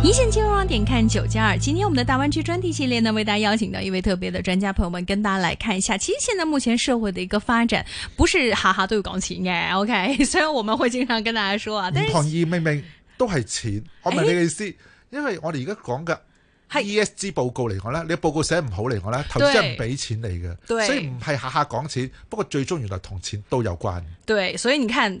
一線金融網點看九加二？2，今天我們的大灣區專題系列呢，為大家邀請到一位特別的專家，朋友們跟大家來看一下。其實現在目前社會的一個發展，不是下下都要講錢嘅。OK，所以我們會經常跟大家說啊，但是同意明明都是錢，我問你嘅意思，欸、因為我哋而家講嘅 E S G 報告嚟講咧，是你報告寫唔好嚟講咧，投資人唔俾錢嚟嘅，對所以唔係下下講錢，不過最終原來同錢都有關。對，所以你看。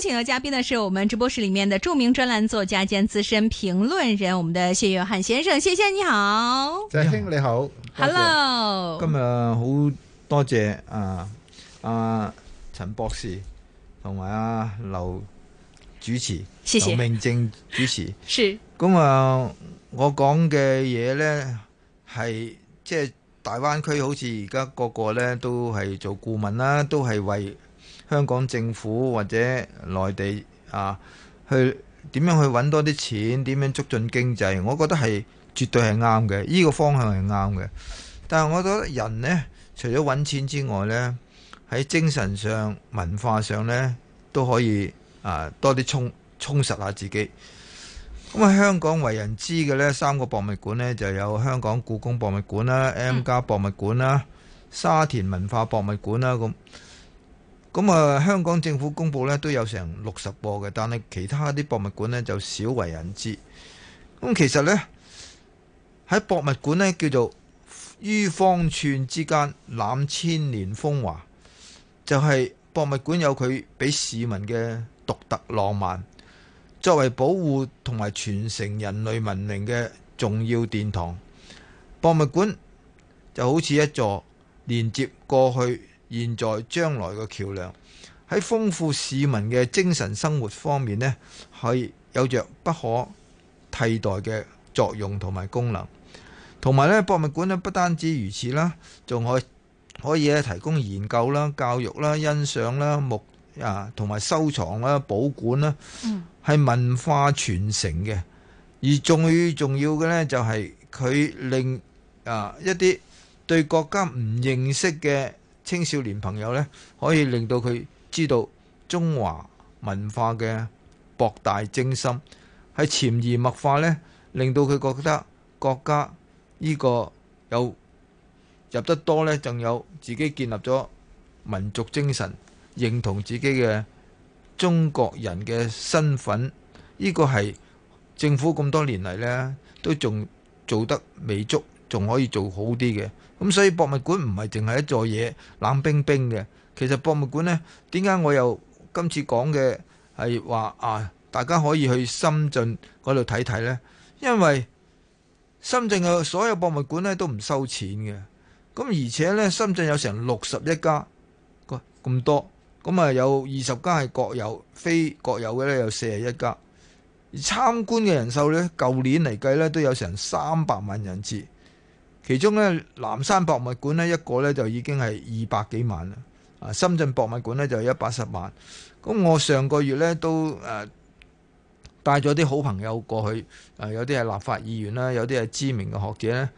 請的嘉賓呢，是我們直播室裏面的著名專欄作家兼資深評論人，我們的謝悅漢先生，謝謝你好，謝兄你好，你好，Hello，今日好多謝啊，啊，陳博士同埋阿劉主持，謝謝，明正主持，是，咁啊、嗯，我講嘅嘢呢，係即係大灣區，好似而家個個呢都係做顧問啦，都係為香港政府或者內地啊，去點樣去揾多啲錢？點樣促進經濟？我覺得係絕對係啱嘅，呢個方向係啱嘅。但係我覺得人呢，除咗揾錢之外呢，喺精神上、文化上呢，都可以啊多啲充充實下自己。咁啊，香港為人知嘅呢三個博物館呢，就有香港故宮博物館啦、嗯、M 加博物館啦、沙田文化博物館啦咁。咁啊，香港政府公布咧，都有成六十個嘅，但係其他啲博物館咧就少為人知。咁其實咧，喺博物館咧叫做於方寸之間攬千年風華，就係博物館有佢俾市民嘅獨特浪漫。作為保護同埋傳承人類文明嘅重要殿堂，博物館就好似一座連接過去。現在將來嘅橋梁，喺豐富市民嘅精神生活方面呢，係有着不可替代嘅作用同埋功能。同埋咧，博物館呢，不單止如此啦，仲可可以咧，提供研究啦、教育啦、欣賞啦、目啊同埋收藏啦、保管啦，係、嗯、文化傳承嘅。而最重要嘅咧就係、是、佢令啊一啲對國家唔認識嘅。青少年朋友呢，可以令到佢知道中華文化嘅博大精深，喺潛移默化呢，令到佢覺得國家呢個有入得多呢，仲有自己建立咗民族精神，認同自己嘅中國人嘅身份，呢個係政府咁多年嚟呢，都仲做得未足。仲可以做好啲嘅，咁所以博物館唔係淨係一座嘢，冷冰冰嘅。其實博物館呢，點解我又今次講嘅係話啊？大家可以去深圳嗰度睇睇呢？因為深圳嘅所有博物館呢都唔收錢嘅。咁而且呢，深圳有成六十一家，咁多，咁啊有二十家係國有，非國有嘅呢，有四十一家。而參觀嘅人數呢，舊年嚟計呢都有成三百萬人次。其中咧，南山博物館咧一個呢，就已經係二百幾萬啦，啊，深圳博物館呢，就一百十萬。咁我上個月呢，都誒帶咗啲好朋友過去，誒有啲係立法議員啦，有啲係知名嘅學者呢，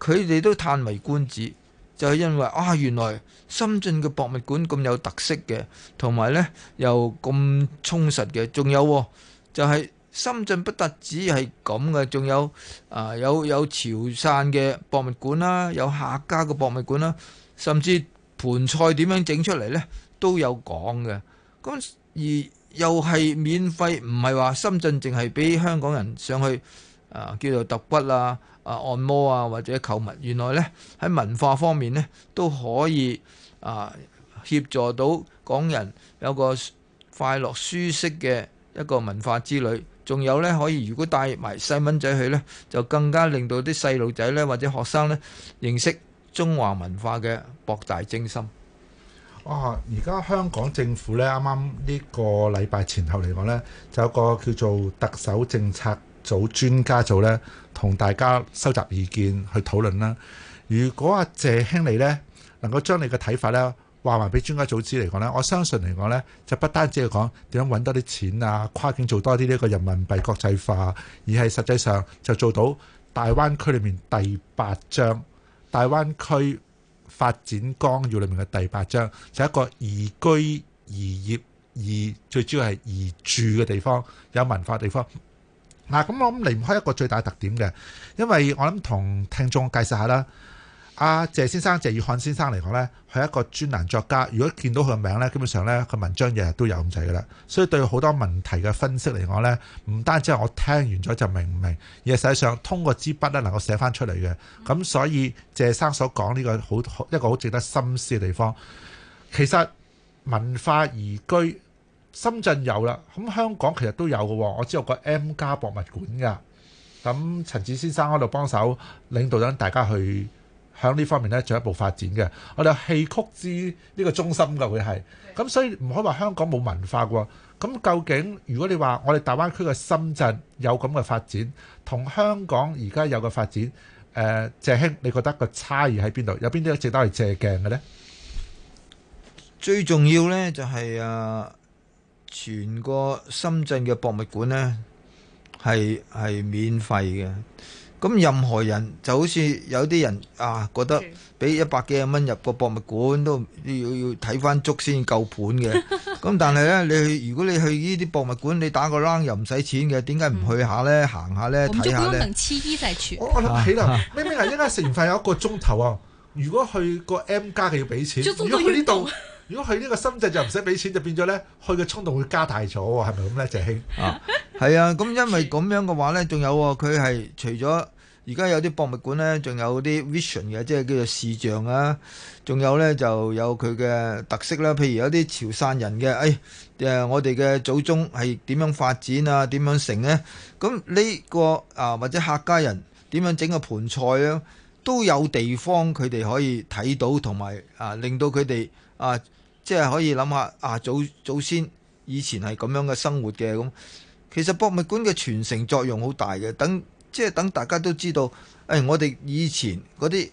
佢哋都歎為觀止，就係因為啊，原來深圳嘅博物館咁有特色嘅，同埋呢又咁充實嘅，仲有就係，是。深圳不特止係咁嘅，仲有啊有有潮汕嘅博物館啦，有客家嘅博物館啦，甚至盤菜點樣整出嚟呢都有講嘅。咁而又係免費，唔係話深圳淨係俾香港人上去啊，叫做揼骨啊、啊按摩啊或者購物。原來呢，喺文化方面呢，都可以啊協助到港人有個快樂舒適嘅一個文化之旅。仲有咧，可以如果帶埋細蚊仔去咧，就更加令到啲細路仔咧或者學生咧認識中華文化嘅博大精深。啊！而家香港政府咧，啱啱呢個禮拜前後嚟講咧，就有個叫做特首政策組專家組咧，同大家收集意見去討論啦。如果阿謝兄你咧能夠將你嘅睇法咧，話埋俾專家組知嚟講咧，我相信嚟講呢，就不單止係講點樣揾多啲錢啊，跨境做多啲呢個人民幣國際化，而係實際上就做到大灣區裏面第八章，大灣區發展綱要裏面嘅第八章，就係、一個宜居、宜業、宜最主要係宜住嘅地方，有文化地方。嗱、啊，咁我諗離唔開一個最大特點嘅，因為我諗同聽眾介紹一下啦。阿謝先生、謝悅漢先生嚟講呢，係一個專欄作家。如果見到佢嘅名呢，基本上呢，佢文章日日都有咁滯噶啦。所以對好多問題嘅分析嚟講呢，唔單止我聽完咗就明唔明，而係實際上通過支筆呢能夠寫翻出嚟嘅。咁所以謝生所講呢、呢個好，好一個好值得深思嘅地方，其實文化移居深圳有啦，咁香港其實都有嘅。我知有個 M+ 博物館噶，咁陳子先生喺度幫手領導緊大家去。喺呢方面咧進一步發展嘅，我哋有戲曲之呢個中心㗎，會係咁，所以唔可以話香港冇文化㗎喎。咁究竟如果你話我哋大灣區嘅深圳有咁嘅發展，同香港而家有嘅發展，誒，謝兄，你覺得個差異喺邊度？有邊啲值得嚟借鏡嘅咧？最重要咧就係啊，全個深圳嘅博物館咧係係免費嘅。咁任何人就好似有啲人啊，覺得俾一百幾十蚊入個博物館都要要睇翻足先夠盤嘅。咁 但係咧，你去如果你去呢啲博物館，你打個啷又唔使錢嘅，點解唔去下咧？行下咧，睇下咧，嗯。我諗起嚟，明明啊，依家食完飯有一個鐘頭啊，如果去個 M+ 嘅要俾錢，如果去呢度。如果去呢個深圳就唔使俾錢，就變咗咧，去嘅衝動會加大咗喎，係咪咁咧？謝兄啊，係 啊，咁因為咁樣嘅話咧，仲有喎、哦，佢係除咗而家有啲博物館咧，仲有啲 vision 嘅，即係叫做視像啊，仲有咧就有佢嘅特色啦。譬如有啲潮汕人嘅，誒、哎呃，我哋嘅祖宗係點樣發展啊？點樣成咧？咁呢、呢個啊，或者客家人點樣整個盤菜啊，都有地方佢哋可以睇到，同埋啊，令到佢哋啊。即係可以諗下啊，祖祖先以前係咁樣嘅生活嘅，咁，其實博物館嘅傳承作用好大嘅。等即係等大家都知道，誒、哎，我哋以前嗰啲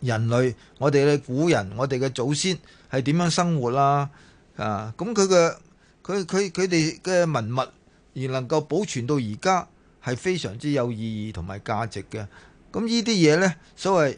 人類，我哋嘅古人，我哋嘅祖先係點樣生活啦、啊？啊，咁佢嘅佢佢佢哋嘅文物而能夠保存到而家，係非常之有意義同埋價值嘅。咁呢啲嘢呢，所謂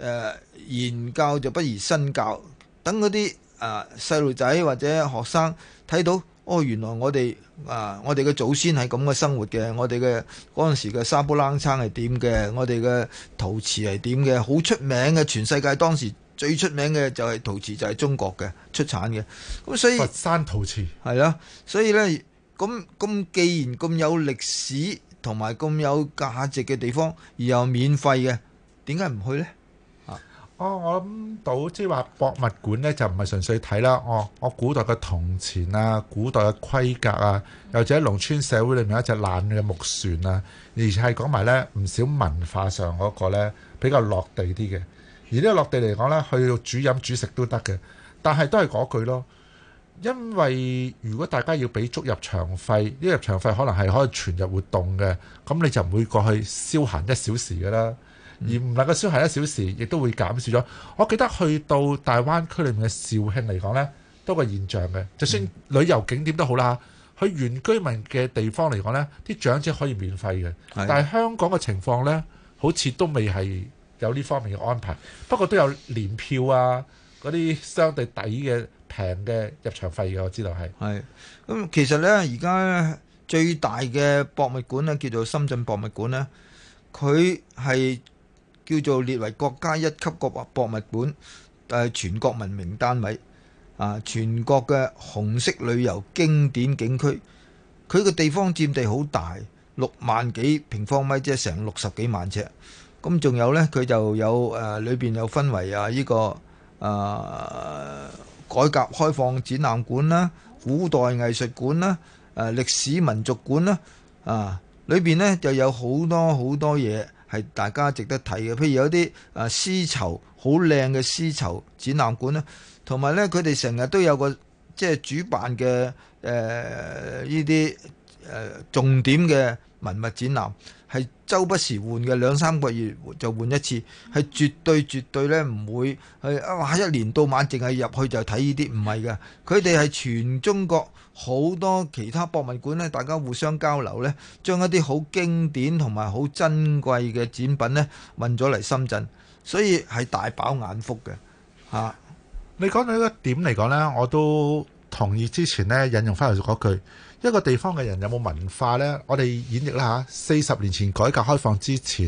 誒，言、呃、教就不如身教。等嗰啲啊細路仔或者學生睇到，哦原來我哋啊、呃、我哋嘅祖先係咁嘅生活嘅，我哋嘅嗰陣時嘅沙煲冷餐係點嘅，我哋嘅陶瓷係點嘅，好出名嘅，全世界當時最出名嘅就係陶瓷就係、是、中國嘅出產嘅，咁所以佛山陶瓷係啦、啊，所以咧咁咁既然咁有歷史同埋咁有價值嘅地方，而又免費嘅，點解唔去咧？哦，我諗到即係話博物館呢，就唔係純粹睇啦。哦，我古代嘅銅錢啊，古代嘅盔甲啊，又或者農村社會裏面有一隻爛嘅木船啊，而且係講埋呢唔少文化上嗰個咧比較落地啲嘅。而呢個落地嚟講咧，去煮飲煮食都得嘅，但係都係嗰句咯。因為如果大家要俾足入場費，呢個入場費可能係可以存入活動嘅，咁你就唔會過去消閒一小時噶啦。而唔能夠消閒一小時，亦、嗯、都會減少咗。我記得去到大灣區裏面嘅肇慶嚟講呢，都個現象嘅。就算旅遊景點都好啦，嗯、去原居民嘅地方嚟講呢，啲長者可以免費嘅。是的但係香港嘅情況呢，好似都未係有呢方面嘅安排。不過都有年票啊，嗰啲相對抵嘅平嘅入場費嘅，我知道係。係，咁其實呢，而家最大嘅博物館呢，叫做深圳博物館呢，佢係。叫做列為國家一級國博博物館，誒全國文明單位，啊全國嘅紅色旅遊經典景區，佢個地方占地好大，六萬幾平方米，即係成六十幾萬尺。咁仲有呢，佢就有誒裏邊有分為、這個、啊呢個誒改革開放展覽館啦、古代藝術館啦、誒歷史民族館啦，啊裏邊呢就有好多好多嘢。係大家值得睇嘅，譬如有啲啊絲綢好靚嘅絲綢展覽館啦，同埋咧佢哋成日都有個即係主辦嘅誒呢啲。呃誒，重點嘅文物展覽係周不時換嘅，兩三個月就換一次，係絕對絕對咧唔會係啊！一年到晚淨係入去就睇呢啲，唔係噶。佢哋係全中國好多其他博物館咧，大家互相交流咧，將一啲好經典同埋好珍貴嘅展品咧運咗嚟深圳，所以係大飽眼福嘅吓。啊、你講到呢個點嚟講咧，我都同意之前咧引用翻頭嗰句。一個地方嘅人有冇文化呢？我哋演繹啦嚇。啊、四十年前改革開放之前，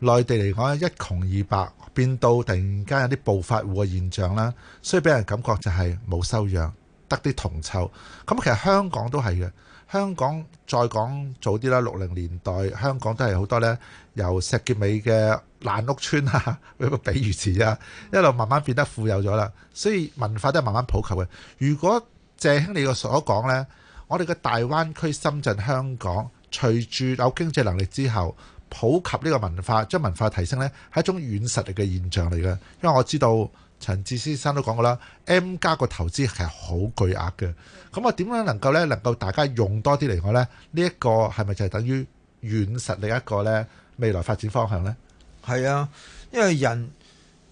內地嚟講一窮二白，變到突然間有啲暴發戶嘅現象啦，所以俾人感覺就係冇修養，得啲銅臭。咁其實香港都係嘅。香港再講早啲啦，六零年代香港都係好多呢，由石硤尾嘅爛屋村啊，一 個比喻詞啊，一路慢慢變得富有咗啦，所以文化都係慢慢普及嘅。如果謝兄你嘅所講呢。我哋嘅大灣區、深圳、香港，隨住有經濟能力之後，普及呢個文化，將文化提升呢，係一種軟實力嘅現象嚟嘅。因為我知道陳智思先生都講過啦，M+ 個投資係好巨額嘅。咁我點樣能夠呢？能夠大家用多啲嚟講呢？呢、這、一個係咪就係等於軟實力一個呢未來發展方向呢？係啊，因為人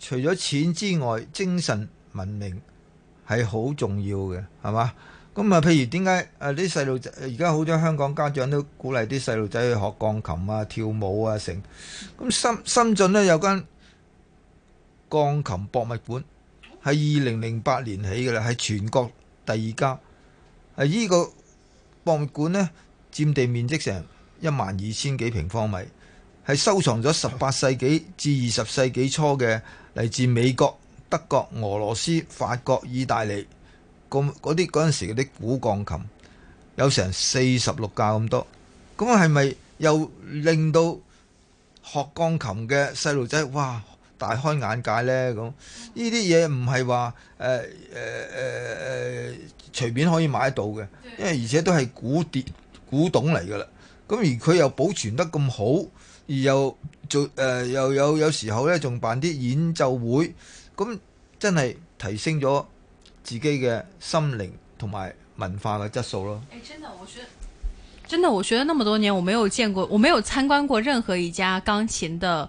除咗錢之外，精神文明係好重要嘅，係嘛？咁啊，譬如點解誒啲細路仔而家好多香港家長都鼓勵啲細路仔去學鋼琴啊、跳舞啊成。咁深深圳呢，有間鋼琴博物館，係二零零八年起嘅啦，係全國第二家。係、這、呢個博物館呢，佔地面積成一萬二千幾平方米，係收藏咗十八世紀至二十世紀初嘅嚟自美國、德國、俄羅斯、法國、意大利。咁嗰啲嗰陣時啲古鋼琴有成四十六架咁多，咁係咪又令到學鋼琴嘅細路仔哇大開眼界咧？咁呢啲嘢唔係話誒誒誒隨便可以買得到嘅，因為而且都係古典古董嚟噶啦。咁而佢又保存得咁好，而又做、呃、又有有時候咧仲辦啲演奏會，咁真係提升咗。自己嘅心靈同埋文化嘅質素咯。欸，真的，我學，真的我學咗那麼多年，我沒有見過，我沒有參觀過任何一家鋼琴的。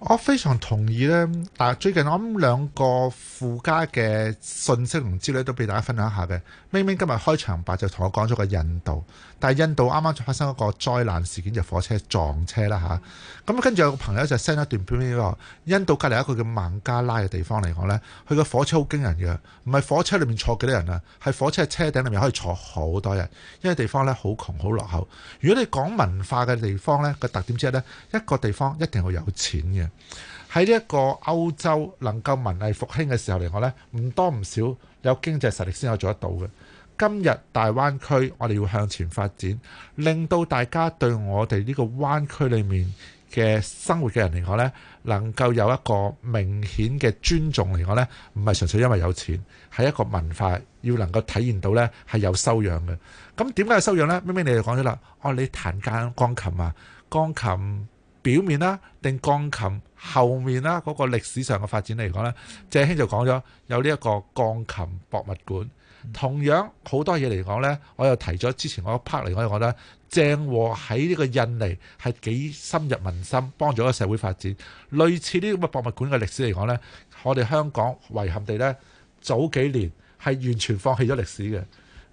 我非常同意咧，但最近我諗兩個附加嘅信息同資料都俾大家分享一下嘅。明明今日開場白就同我講咗個印度。但係印度啱啱發生一個災難事件，就是，火車撞車啦嚇。咁、啊嗯嗯、跟住有個朋友就 send 一段片 i d 印度隔離一個叫孟加拉嘅地方嚟講呢，佢個火車好驚人嘅，唔係火車裏面坐幾多人啊，係火車車頂裏面可以坐好多人。因為地方呢好窮好落後。如果你講文化嘅地方呢，個特點之一呢，一個地方一定會有錢嘅。喺呢一個歐洲能夠文藝復興嘅時候嚟講呢，唔多唔少有經濟實力先可以做得到嘅。今日大灣區，我哋要向前發展，令到大家對我哋呢個灣區裏面嘅生活嘅人嚟講呢，能夠有一個明顯嘅尊重嚟講呢，唔係純粹因為有錢，係一個文化要能夠體現到呢係有修養嘅。咁點解有修養呢？明明你就講咗啦，哦，你彈間鋼琴啊，鋼琴表面啦、啊，定鋼琴後面啦、啊，嗰、那個歷史上嘅發展嚟講呢，謝興就講咗有呢一個鋼琴博物館。同樣好多嘢嚟講呢，我又提咗之前嗰 part 嚟，我又覺得鄭和喺呢個印尼係幾深入民心，幫助個社會發展。類似呢咁嘅博物館嘅歷史嚟講呢，我哋香港遺憾地呢，早幾年係完全放棄咗歷史嘅。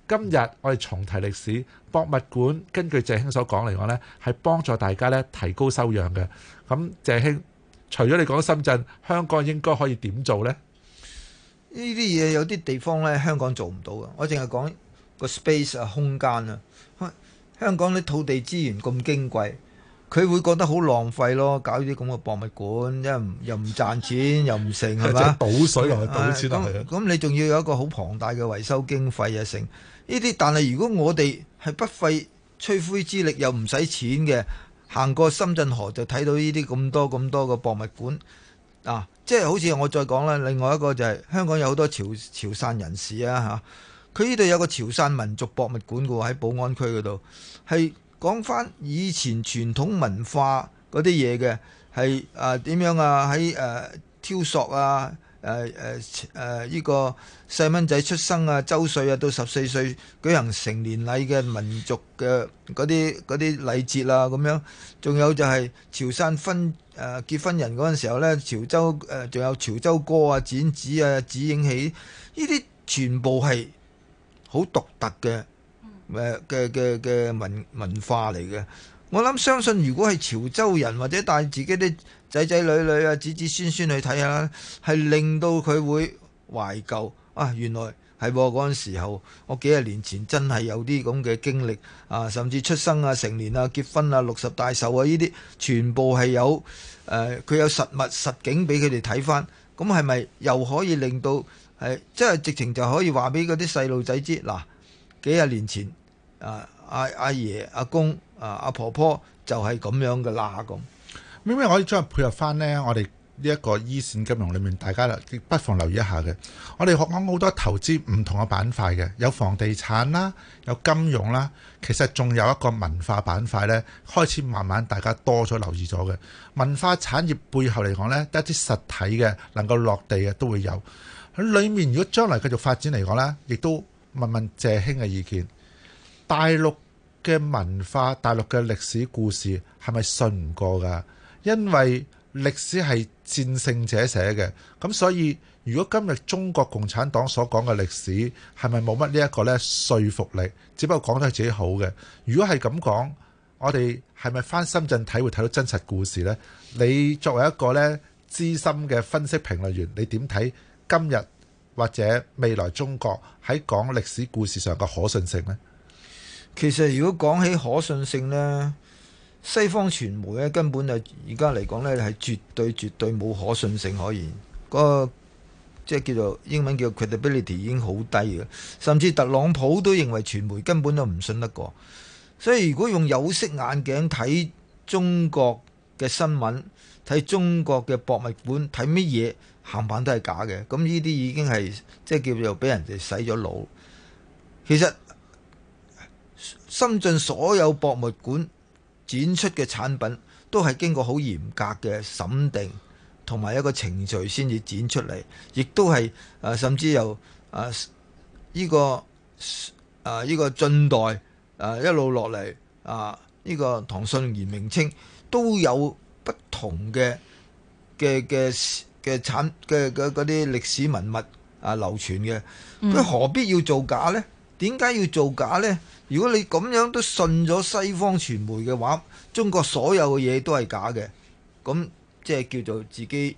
今日我哋重提歷史博物館，根據謝兄所講嚟講呢，係幫助大家呢提高修養嘅。咁謝兄，除咗你講深圳，香港應該可以點做呢？呢啲嘢有啲地方咧，香港做唔到㗎。我淨係講個 space 啊空間啊，香港啲土地資源咁矜貴，佢會覺得好浪費咯。搞啲咁嘅博物館，一唔又唔賺錢，又唔剩，係嘛的？吧倒水又係倒錢嚟嘅。咁、啊、你仲要有一個好龐大嘅維修經費啊？剩。呢啲，但係如果我哋係不費吹灰之力又唔使錢嘅，行過深圳河就睇到呢啲咁多咁多嘅博物館啊！即係好似我再講啦，另外一個就係、是、香港有好多潮潮汕人士啊嚇，佢呢度有個潮汕民族博物館嘅喎，喺寶安區嗰度，係講返以前傳統文化嗰啲嘢嘅，係啊點樣啊喺誒、呃、挑索啊。誒誒誒，依、啊啊這個細蚊仔出生啊、周歲啊，到十四歲舉行成年禮嘅民族嘅嗰啲啲禮節啊，咁樣，仲有就係潮汕婚誒結婚人嗰陣時候咧，潮州誒仲、啊、有潮州歌啊、剪紙啊、紙影戲，呢啲全部係好獨特嘅誒嘅嘅嘅文文化嚟嘅。我諗相信，如果係潮州人或者帶自己啲。仔仔女女啊，子子孫孫去睇下啦，係令到佢會懷舊啊！原來係嗰陣時候，我幾廿年前真係有啲咁嘅經歷啊，甚至出生啊、成年啊、結婚啊、六十大壽啊，呢啲全部係有誒，佢、啊、有實物、實景俾佢哋睇翻，咁係咪又可以令到係即係直情就可以話俾嗰啲細路仔知嗱？幾廿年前啊，阿、啊、阿爺、阿、啊、公、阿、啊、阿婆婆就係咁樣嘅啦咁。明明可以將佢配合翻呢。我哋呢一個依線金融裏面，大家不妨留意一下嘅。我哋學講好多投資唔同嘅板塊嘅，有房地產啦，有金融啦，其實仲有一個文化板塊呢，開始慢慢大家多咗留意咗嘅文化產業背後嚟講呢，一啲實體嘅能夠落地嘅都會有喺裡面。如果將來繼續發展嚟講呢，亦都問問謝兄嘅意見。大陸嘅文化、大陸嘅歷史故事係咪信唔過㗎？因為歷史係戰勝者寫嘅，咁所以如果今日中國共產黨所講嘅歷史係咪冇乜呢一個呢説服力？只不過講得係自己好嘅。如果係咁講，我哋係咪返深圳體會睇到真實故事呢？你作為一個呢資深嘅分析評論員，你點睇今日或者未來中國喺講歷史故事上嘅可信性呢？其實如果講起可信性呢。西方傳媒咧根本就而家嚟講咧係絕對絕對冇可信性可言，嗰個即係叫做英文叫 credibility 已經好低嘅，甚至特朗普都認為傳媒根本都唔信得過。所以如果用有色眼鏡睇中國嘅新聞、睇中國嘅博物館、睇乜嘢，冚棒都係假嘅。咁呢啲已經係即係叫做俾人哋洗咗腦。其實深圳所有博物館，展出嘅產品都係經過好嚴格嘅審定同埋一個程序先至展出嚟，亦都係、呃、甚至由誒依個誒依、呃這個、晉代、呃、一路落嚟啊依個唐宋元明清都有不同嘅嘅嘅嘅產嘅啲歷史文物啊、呃、流傳嘅，佢何必要做假呢？嗯點解要造假呢？如果你咁樣都信咗西方傳媒嘅話，中國所有嘅嘢都係假嘅。咁即係叫做自己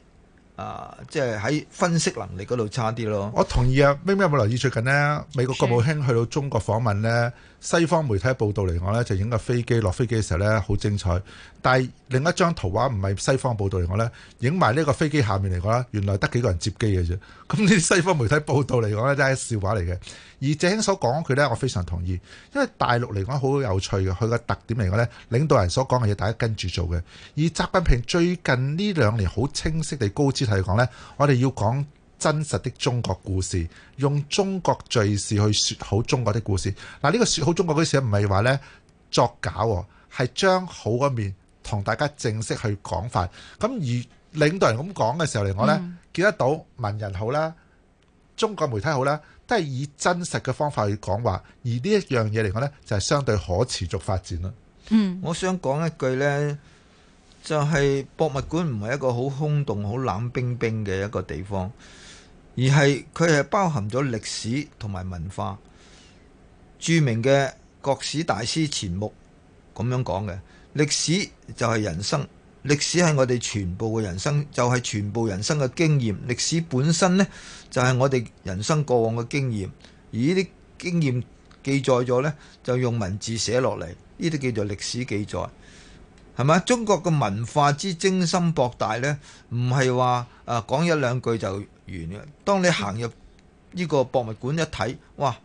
啊，呃，即係喺分析能力嗰度差啲咯。我同意啊，咩咩有冇留意最近呢美國國務卿去到中國訪問呢？西方媒體報道嚟講呢，就影個飛機落飛機嘅時候呢，好精彩。但係另一張圖畫唔係西方報道嚟講呢，影埋呢個飛機下面嚟講呢，原來得幾個人接機嘅啫。咁呢啲西方媒體報道嚟講呢，真係笑話嚟嘅。而謝興所講佢呢，我非常同意，因為大陸嚟講好有趣嘅，佢個特點嚟講呢，領導人所講嘅嘢，大家跟住做嘅。而習近平最近呢兩年好清晰地高姿態講呢，我哋要講。真實的中國故事，用中國敘事去説好中國的故事。嗱、啊，呢、這個説好中國故事唔係話呢作假，係將好嘅面同大家正式去講法。咁而領導人咁講嘅時候嚟講、嗯、呢，見得到文人好啦，中國媒體好啦，都係以真實嘅方法去講話。而呢一樣嘢嚟講呢，就係、是、相對可持續發展咯。嗯，我想講一句呢，就係、是、博物館唔係一個好空洞、好冷冰冰嘅一個地方。而係佢係包含咗歷史同埋文化。著名嘅國史大師錢穆咁樣講嘅，歷史就係人生，歷史係我哋全部嘅人生，就係、是、全部人生嘅經驗。歷史本身呢，就係我哋人生過往嘅經驗，而呢啲經驗記載咗呢，就用文字寫落嚟，呢啲叫做歷史記載，係咪啊？中國嘅文化之精深博大呢，唔係話啊講一兩句就完嘅，當你行入呢個博物館一睇，哇，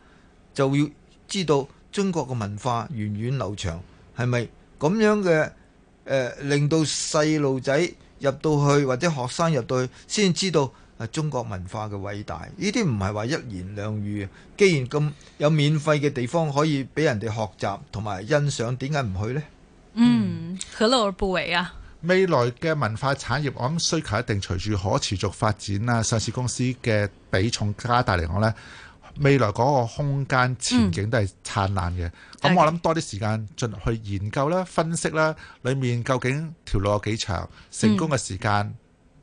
就要知道中國嘅文化源遠流長，係咪咁樣嘅？誒、呃，令到細路仔入到去或者學生入到去，先知道啊中國文化嘅偉大。呢啲唔係話一言兩語。既然咁有免費嘅地方可以俾人哋學習同埋欣賞，點解唔去呢？嗯，何樂而不為啊？未來嘅文化產業，我諗需求一定隨住可持續發展啦，上市公司嘅比重加大嚟講呢，未來嗰個空間前景都係燦爛嘅。咁、嗯、我諗多啲時間進去研究啦、分析啦，裡面究竟條路有幾長，成功嘅時間。嗯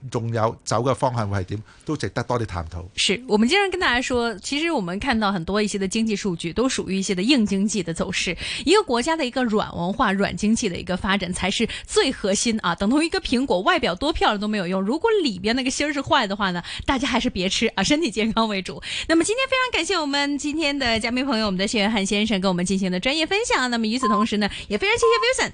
仲有走嘅方向會係點，都值得多啲探討。是，我們經常跟大家說，其實我們看到很多一些的經濟數據都屬於一些的硬經濟的走勢。一個國家的一個軟文化、軟經濟的一個發展才是最核心啊！等同於一個蘋果外表多漂亮都沒有用，如果裡邊那個芯是壞的話呢，大家還是別吃啊，身體健康為主。那麼今天非常感謝我們今天的嘉賓朋友，我們的謝悅漢先生跟我們進行的專業分享。那麼與此同時呢，也非常謝謝 Wilson。